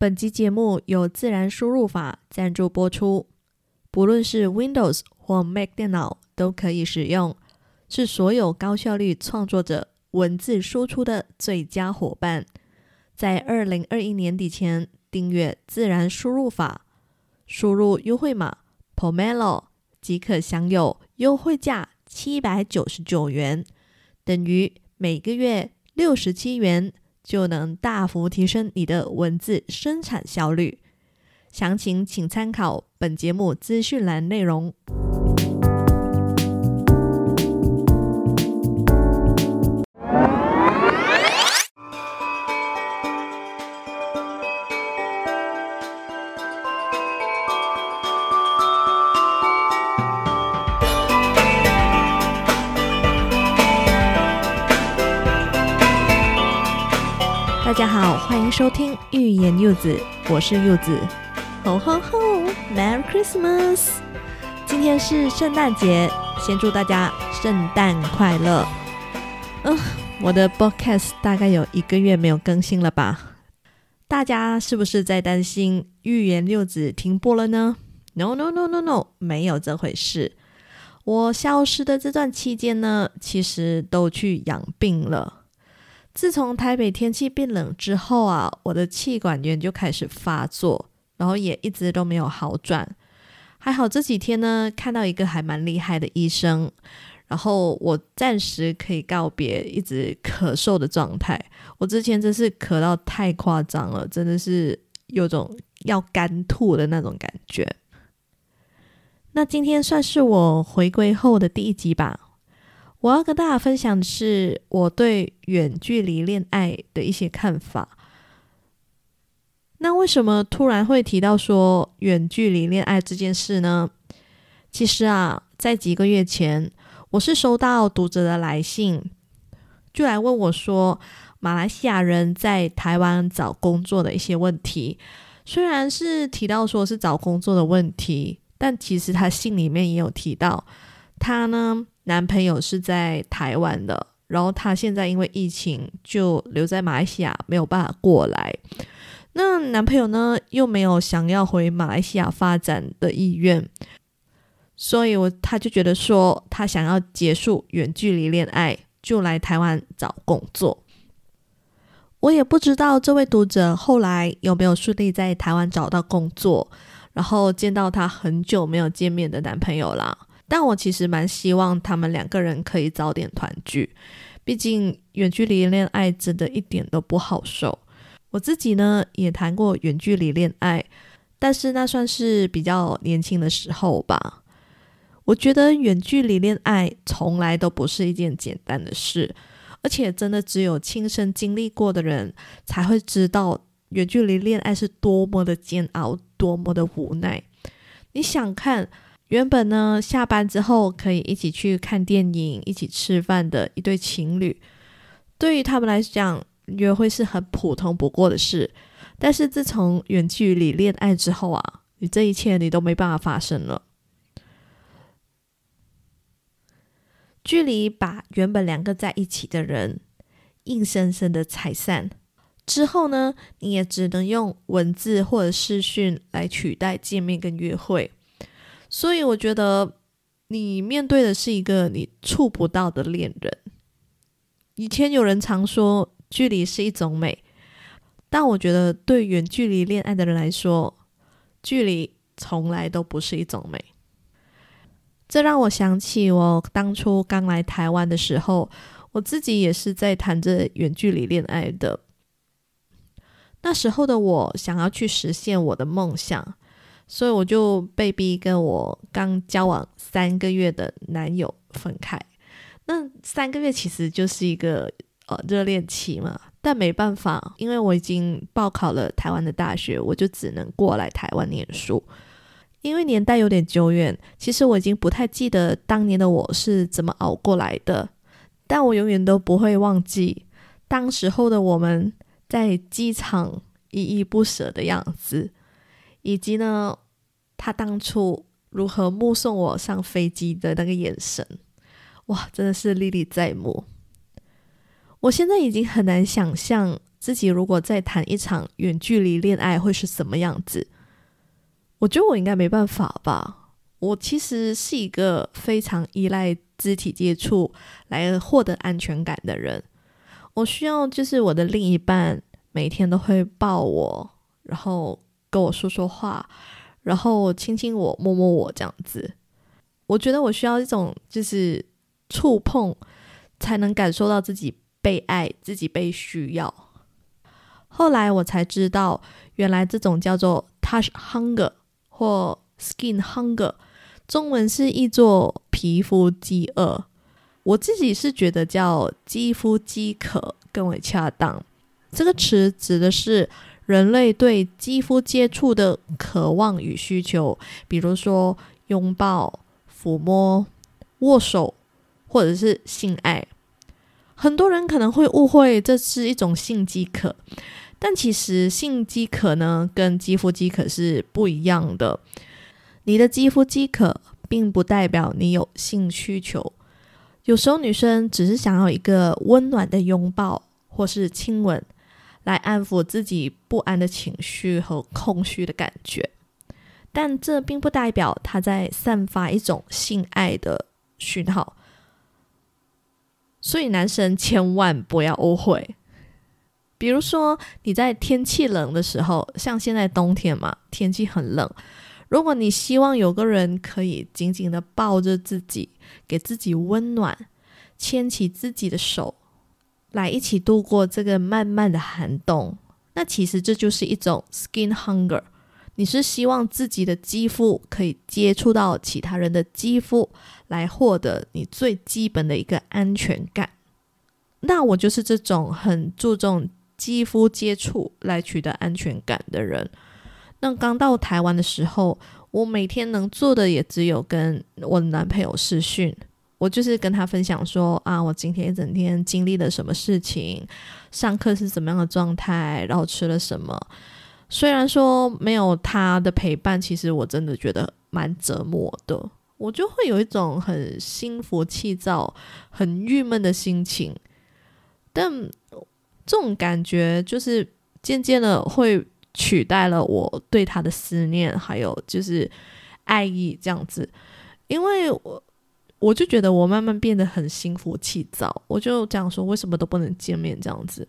本集節目由自然輸入法贊助播出，不論是 Windows 或 Mac 電腦都可以使用，是所有高效率創作者文字輸出的最佳夥伴。在二零二一年底前訂閱自然輸入法，輸入優惠碼 Pomelo 即可享有優惠價七百九十九元，等於每個月六十七元。就能大幅提升你的文字生產效率，詳情請參考本節目資訊欄內容。收聽毓言柚子，我是柚子。吼吼吼，Merry Christmas！今天是聖誕節，先祝大家聖誕快樂。嗯、呃，我的 Podcast 大概有一個月沒有更新了吧？大家是不是在擔心毓言柚子停播了呢 no？No no no no no，沒有這回事。我消失的這段期間呢，其實都去養病了。自從台北天氣變冷之後啊，我的氣管炎就開始發作，然後也一直都沒有好轉。還好這幾天呢，看到一個還蠻厲害的醫生，然後我暫時可以告別一直咳嗽的狀態。我之前真是咳到太誇張了，真的是有種要乾吐的那種感覺。那今天算是我回歸後的第一集吧。我要跟大家分享的是我對遠距離戀愛的一些看法。那為什麼突然會提到說遠距離戀愛這件事呢？其實啊，在幾個月前，我是收到讀者的來信，就來問我說，馬來西亞人在台灣找工作的一些問題。雖然是提到說是找工作的問題，但其實他信裡面也有提到他呢。男朋友是在台灣的，然後他現在因為疫情，就留在馬來西亞，沒有辦法過來。那男朋友呢，又沒有想要回馬來西亞發展的意願，所以我他就覺得說，他想要結束遠距離戀愛，就來台灣找工作。我也不知道這位讀者後來有沒有順利在台灣找到工作，然後見到他很久沒有見面的男朋友啦。但我其實蠻希望他們兩個人可以早點團聚，畢竟遠距離戀愛真的一點都不好受。我自己呢也談過遠距離戀愛，但是那算是比較年輕的時候吧。我覺得遠距離戀愛從來都不是一件簡單的事，而且真的只有親身經歷過的人才會知道遠距離戀愛是多麼的煎熬，多麼的無奈。你想看？原本呢，下班之後可以一起去看電影、一起吃飯的一對情侶，對於他們來講，約會是很普通不過的事。但是自從遠距離戀愛之後啊，你這一切你都沒辦法發生了。距離把原本兩個在一起的人硬生生的拆散，之後呢，你也只能用文字或者視訊來取代見面跟約會。所以我覺得，你面對的是一個你觸不到的戀人。以前有人常說，距離是一種美，但我覺得對遠距離戀愛的人來說，距離從來都不是一種美。這讓我想起我當初剛來台灣的時候，我自己也是在談着遠距離戀愛的。那時候的我，想要去實現我的夢想。所以我就被逼跟我剛交往三個月的男友分開。那三個月其實就是一個呃、哦、熱戀期嘛，但沒辦法，因為我已經報考了台灣的大學，我就只能過來台灣念書。因為年代有點久遠，其實我已經不太記得當年的我是怎麼熬過來的，但我永遠都不會忘記當時候的我們在機場依依不捨的樣子。以及呢，他當初如何目送我上飛機的那個眼神，哇，真的是歷歷在目。我現在已經很難想象自己如果再談一場遠距離戀愛會是什麼樣子。我覺得我應該沒辦法吧？我其實是一個非常依賴肢體接觸來獲得安全感的人。我需要就是我的另一半每天都會抱我，然後，跟我說說話，然後親親我、摸摸我這樣子，我覺得我需要一種就是觸碰，才能感受到自己被愛、自己被需要。後來我才知道，原來這種叫做 “touch hunger” 或 “skin hunger”，中文是譯做“皮膚飢餓”。我自己是覺得叫“肌膚飢渴”更為恰當。這個詞指的是。人類對肌膚接觸的渴望與需求，比如說擁抱、撫摸、握手，或者是性愛。很多人可能會誤會這是一種性飢渴，但其實性飢渴呢，跟肌膚飢渴是不一樣的。你的肌膚飢渴，並不代表你有性需求。有時候，女生只是想要一個溫暖的擁抱，或是親吻。來安撫自己不安的情緒和空虛的感覺，但這並不代表他在散發一種性愛的訊號，所以男生千萬不要誤會。比如說你在天氣冷的時候，像現在冬天嘛，天氣很冷，如果你希望有個人可以緊緊地抱着自己，給自己溫暖，牽起自己的手。來一起度過這個漫漫的寒冬，那其實這就是一種 skin hunger。你是希望自己的肌膚可以接觸到其他人的肌膚，來獲得你最基本的一個安全感。那我就是這種很注重肌膚接觸來取得安全感的人。那剛到台灣的時候，我每天能做的也只有跟我的男朋友視訊。我就是跟他分享說啊，我今天一整天經歷了什麼事情，上課是怎麼樣的狀態，然後吃了什麼。雖然說沒有他的陪伴，其實我真的覺得蠻折磨的。我就會有一種很心浮氣躁、很鬱悶的心情。但這種感覺就是漸漸的會取代了我對他的思念，還有就是愛意這樣子，因為我。我就覺得我慢慢變得很心浮氣躁，我就講說為什麼都不能見面這樣子。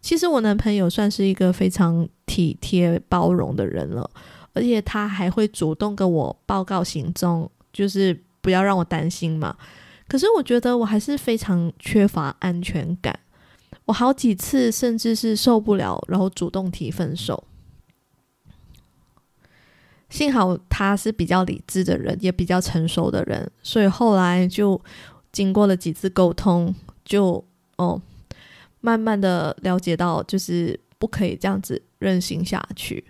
其實我男朋友算是一個非常體貼包容的人了，而且他還會主動跟我報告行蹤，就是不要讓我擔心嘛。可是我覺得我還是非常缺乏安全感，我好幾次甚至是受不了，然後主動提分手。幸好他是比較理智的人，也比較成熟的人，所以後來就經過了幾次溝通，就哦，慢慢的了解到，就是不可以這樣子任性下去。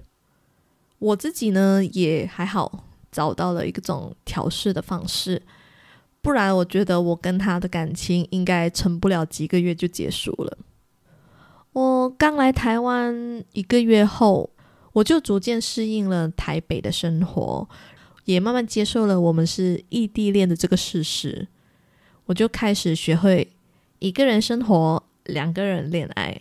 我自己呢也還好，找到了一種調適的方式，不然我覺得我跟他的感情應該撐不了幾個月就結束了。我剛來台灣一個月後。我就逐漸適應了台北的生活，也慢慢接受了我們是異地戀的這個事實。我就開始學會一個人生活，兩個人戀愛。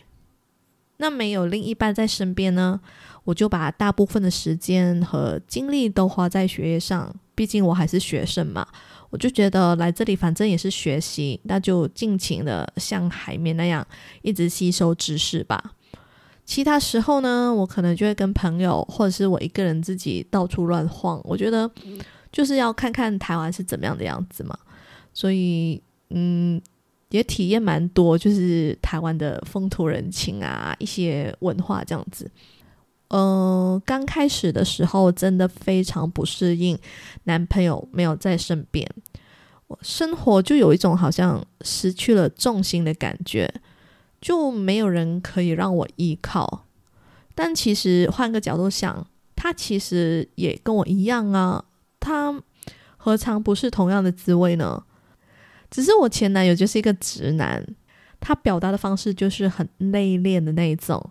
那沒有另一半在身邊呢，我就把大部分的時間和精力都花在學業上。畢竟我還是學生嘛，我就覺得來這裡反正也是學習，那就盡情的像海綿那樣一直吸收知識吧。其他時候呢，我可能就會跟朋友，或者是我一個人自己到處亂晃。我覺得就是要看看台灣是怎麼樣的樣子嘛，所以嗯，也體驗蠻多，就是台灣的風土人情啊，一些文化這樣子。嗯、呃，剛開始的時候真的非常不適應，男朋友沒有在身邊，生活就有一種好像失去了重心的感覺。就沒有人可以讓我依靠，但其實換個角度想，他其實也跟我一樣啊，他何嘗不是同樣的滋味呢？只是我前男友就是一個直男，他表達的方式就是很內斂的那種。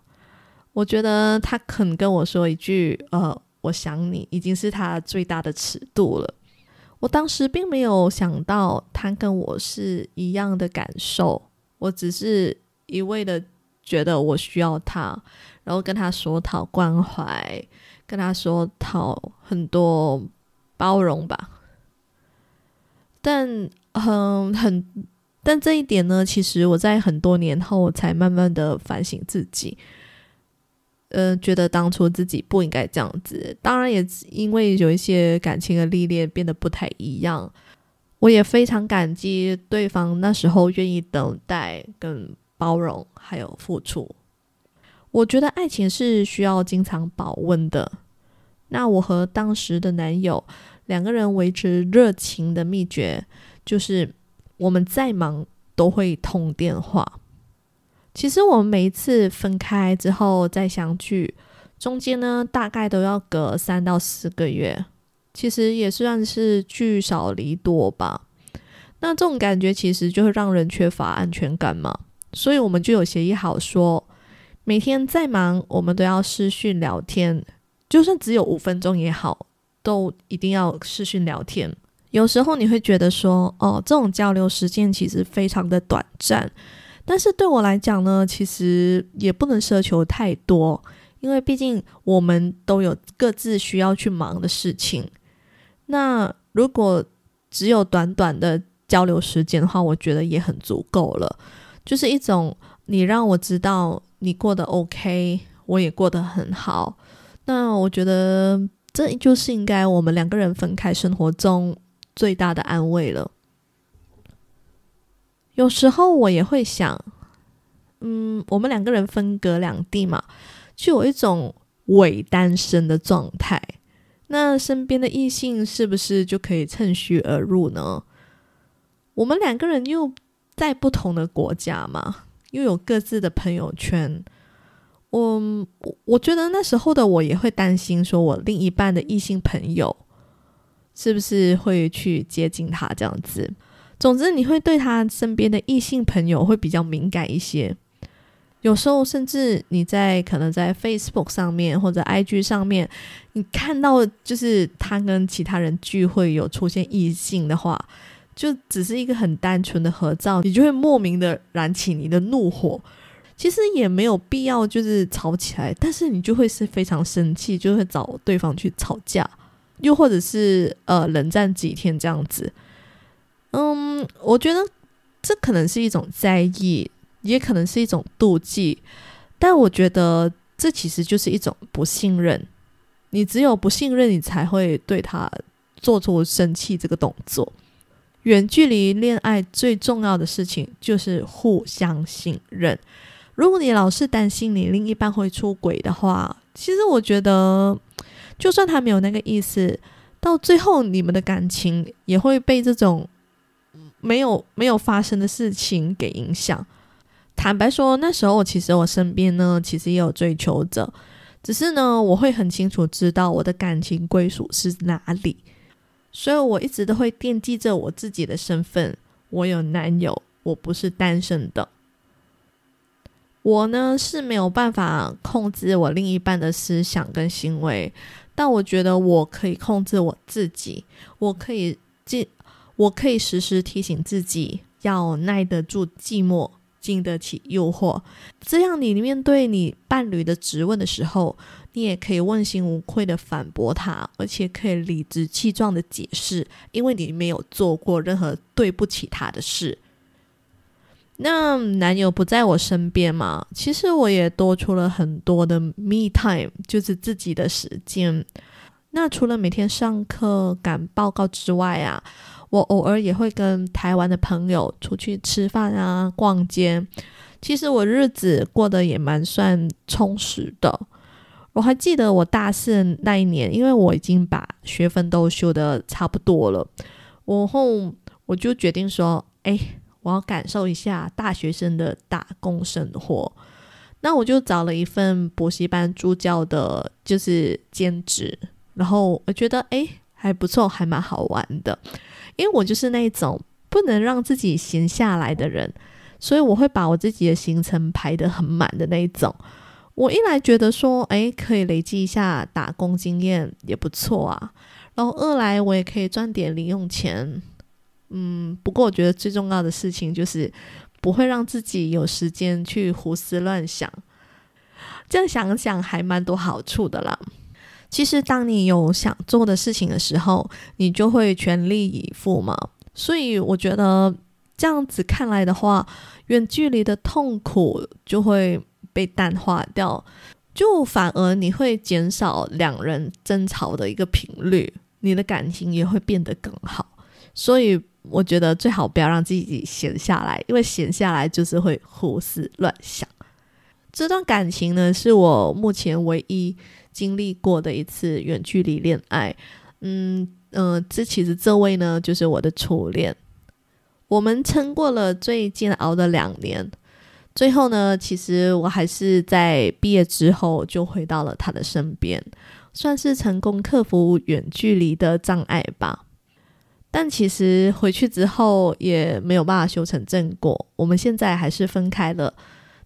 我覺得他肯跟我說一句“呃，我想你”，已經是他最大的尺度了。我當時並沒有想到他跟我是一樣的感受，我只是……一味的覺得我需要他，然後跟他說討關懷，跟他說討很多包容吧。但，嗯，很，但這一點呢，其實我在很多年後才慢慢的反省自己。嗯、呃，覺得當初自己不應該這樣子。當然，也因為有一些感情的歷練，變得不太一樣。我也非常感激對方那時候願意等待跟包容還有付出，我覺得愛情是需要經常保溫的。那我和當時的男友兩個人維持熱情的秘訣，就是我們再忙都會通電話。其實我們每一次分開之後再相聚，中間呢，大概都要隔三到四個月。其實也算是聚少離多吧。那這種感覺其實就會讓人缺乏安全感嘛。所以，我們就有協議好說，每天再忙，我們都要視訊聊天，就算只有五分鐘也好，都一定要視訊聊天。有時候你會覺得說，哦，這種交流時間其實非常的短暫，但是對我來講呢，其實也不能奢求太多，因為畢竟我們都有各自需要去忙的事情。那如果只有短短的交流時間的話，我覺得也很足夠了。就是一種你讓我知道你過得 OK，我也過得很好。那我覺得這就是應該我們兩個人分開生活中最大的安慰了。有時候我也會想，嗯，我們兩個人分隔兩地嘛，就有一種偽單身的狀態。那身邊的異性是不是就可以趁虛而入呢？我們兩個人又在不同的國家嘛，又有各自的朋友圈。我我覺得那時候的我也會擔心，說我另一半的異性朋友是不是會去接近他這樣子。總之，你會對他身邊的異性朋友會比較敏感一些。有時候，甚至你在可能在 Facebook 上面或者 IG 上面，你看到就是他跟其他人聚會有出現異性的話。就只是一個很單純的合照，你就會莫名的燃起你的怒火。其實也沒有必要就是吵起來，但是你就會是非常生氣，就會找對方去吵架，又或者是呃冷戰幾天這樣子。嗯，我覺得這可能是一種在意，也可能是一種妒忌，但我覺得這其實就是一種不信任。你只有不信任，你才會對他做出生氣這個動作。遠距離戀愛最重要的事情就是互相信任。如果你老是擔心你另一半會出軌的話，其實我覺得，就算他沒有那個意思，到最後你們的感情也會被這種沒有沒有發生的事情給影響。坦白說，那時候其實我身邊呢，其實也有追求者，只是呢，我會很清楚知道我的感情歸屬是哪裡。所以我一直都會惦記着我自己的身份。我有男友，我不是單身的。我呢，是沒有辦法控制我另一半的思想跟行為，但我覺得我可以控制我自己。我可以進，我可以時時提醒自己要耐得住寂寞，經得起誘惑。這樣，你面對你伴侶的質問的時候。你也可以問心無愧的反駁他，而且可以理直氣壯的解釋，因為你沒有做過任何對不起他的事。那男友不在我身邊嘛？其實我也多出了很多的 me time，就是自己的時間。那除了每天上課趕報告之外啊，我偶爾也會跟台灣的朋友出去吃飯啊、逛街。其實我日子過得也蠻算充實的。我還記得我大四那一年，因為我已經把學分都修得差不多了，我後我就決定說，哎、欸，我要感受一下大學生的打工生活。那我就找了一份補習班助教的，就是兼職。然後我覺得，哎、欸，還不錯，還蠻好玩的。因為我就是那種不能讓自己閒下來的人，所以我會把我自己的行程排得很滿的那一種。我一來覺得說，誒，可以累積一下打工經驗也不錯啊。然後二來，我也可以賺點零用錢。嗯，不過我覺得最重要的事情就是不會讓自己有時間去胡思亂想。這樣想想還蠻多好處的啦。其實，當你有想做的事情的時候，你就會全力以赴嘛。所以，我覺得這樣子看來的話，遠距離的痛苦就會被淡化掉，就反而你會減少兩人爭吵的一個頻率，你的感情也會變得更好。所以我覺得最好不要讓自己閒下來，因為閒下來就是會胡思亂想。這段感情呢，是我目前唯一經歷過的一次遠距離戀愛。嗯，呃，這其實這位呢，就是我的初戀。我們撐過了最煎熬的兩年。最後呢，其實我還是在畢業之後就回到了他的身邊，算是成功克服遠距離的障礙吧。但其實回去之後也沒有辦法修成正果，我們現在還是分開了。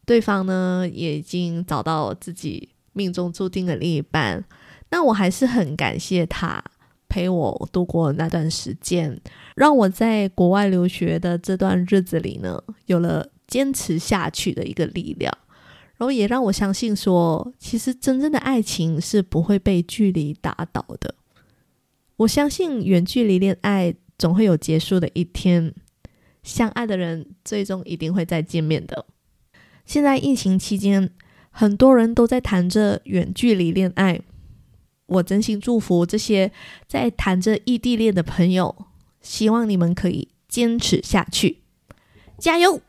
對方呢，也已經找到自己命中注定的另一半。那我還是很感謝他陪我度過那段時間，讓我在國外留學的這段日子裡呢，有了，堅持下去的一個力量，然後也讓我相信說，其實真正的愛情是不會被距離打倒的。我相信遠距離戀愛總會有結束的一天，相愛的人最終一定會再見面的。現在疫情期間，很多人都在談着遠距離戀愛，我真心祝福這些在談着異地戀的朋友，希望你們可以堅持下去，加油！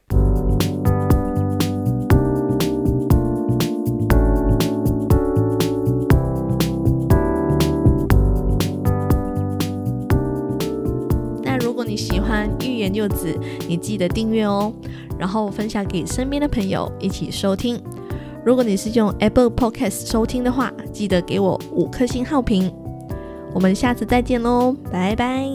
你喜歡毓言柚子，你記得訂閱哦，然後分享給身邊的朋友一起收聽。如果你是用 Apple Podcast 收聽的話，記得給我五顆星好評。我們下次再見嘍，拜拜。